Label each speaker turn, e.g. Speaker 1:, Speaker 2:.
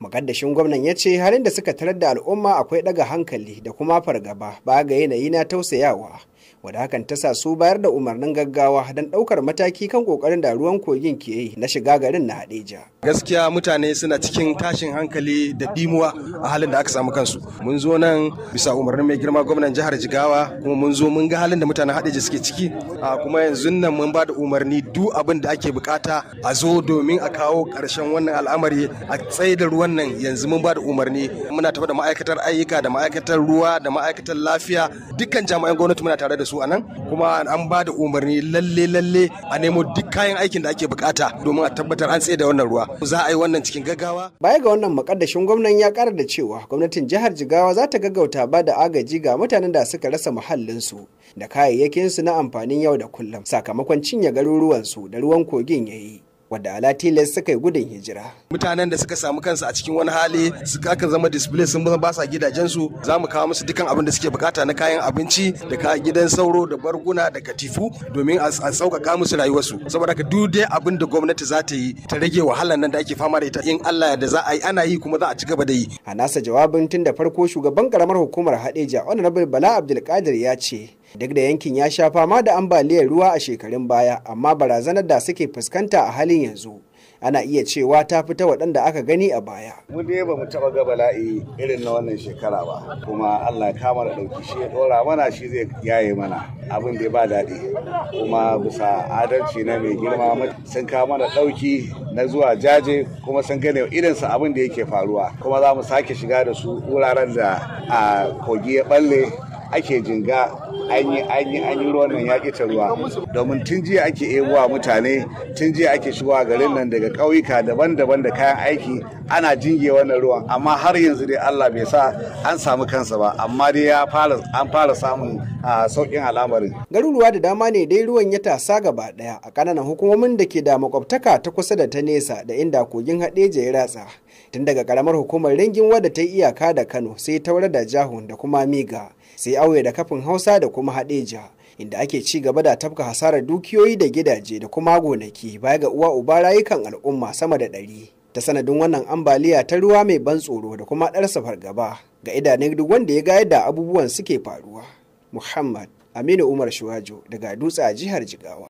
Speaker 1: Makaddashin gwamnan ya ce halin da suka tarar da al'umma akwai ɗaga hankali da kuma fargaba ba ga yanayi na tausayawa. wadda hakan ta sa su bayar da umarnin gaggawa don ɗaukar mataki kan kokarin da ruwan kogin ke yi na shiga garin na hadeja
Speaker 2: gaskiya mutane suna cikin tashin hankali da dimuwa a halin da aka samu kansu mun zo nan bisa umarnin mai girma gwamnan jihar jigawa kuma mun zo mun ga halin da mutanen hadeja suke ciki kuma yanzu nan mun ba da umarni duk abin da ake bukata a zo domin a kawo karshen wannan al'amari a tsaye da ruwan nan yanzu mun ba da umarni muna tafi da ma'aikatar ayyuka da ma'aikatar ruwa da ma'aikatar lafiya dukkan jami'an gwamnati muna tare da su anan kuma an ba da umarni lalle lalle a nemo duk kayan aikin da ake bukata domin a tabbatar an tsaye da wannan ruwa za a yi wannan cikin gaggawa
Speaker 1: baya ga wannan makaddashin gwamnan ya kara da cewa gwamnatin jihar jigawa za ta gaggauta ba da agaji ga mutanen da suka rasa muhallin su da kayayyakinsu na amfanin yau da kullum sakamakon cinye garuruwan su da ruwan kogin yayi wadda ala tilas suka yi gudun hijira.
Speaker 2: Mutanen da suka samu kansu a cikin wani hali suka aka zama display sun ba sa gidajensu za mu kawo musu dukkan abin da suke bukata na kayan abinci da kayan gidan sauro da barguna da katifu domin a sauƙaƙa musu rayuwarsu saboda ka duk dai abin da gwamnati za ta yi ta rage wahalar nan da ake fama da ita in Allah da za a yi ana
Speaker 1: yi kuma za a ci gaba da yi. A nasa jawabin tun da farko shugaban karamar hukumar Hadeja Honorable Bala Abdulkadir ya ce duk da yankin ya sha fama da ambaliyar ruwa a shekarun baya amma barazanar da suke fuskanta a halin yanzu ana iya cewa ta fita waɗanda aka gani a baya.
Speaker 3: Mu dai ba mu taɓa ga bala'i irin na wannan shekara ba, kuma Allah kama da ɗauki shi ya ɗora mana shi zai yaye mana abin da ba daɗi. Kuma bisa adalci na mai girma sun kama da ɗauki na zuwa jaje kuma sun gane irinsa abin da yake faruwa. Kuma za mu sake shiga da su wuraren da a kogi ya ɓalle ake jinga an yi an yi ruwan nan ya ta ruwa domin tun jiya ake ebowa mutane tun jiya ake shigowa garin nan daga ƙauyuka daban-daban da kayan aiki ana jinge wannan ruwan amma har yanzu dai Allah bai sa an samu kansa ba amma dai ya fara an fara samun sauƙin al'amarin garuruwa da dama ne
Speaker 1: dai ruwan ya tasa gaba daya a ƙananan hukumomin da ke da makwabtaka ta kusa da ta nesa da inda kogin haɗeja ya ratsa tun daga karamar hukumar ringin wadda ta iyaka da Kano sai taura da Jahun da kuma Miga sai auye da kafin Hausa da kuma haɗeja inda ake ci gaba da tafka hasarar dukiyoyi da gidaje da kuma gonaki baya ga uwa uba rayukan al'umma sama da ɗari. ta sanadin wannan ambaliya ta ruwa mai ban tsoro da kuma ɗarsa fargaba ga idanun duk wanda ya ga yadda abubuwan suke faruwa. Muhammad Aminu Umar Shuwajo daga Dutse a jihar Jigawa.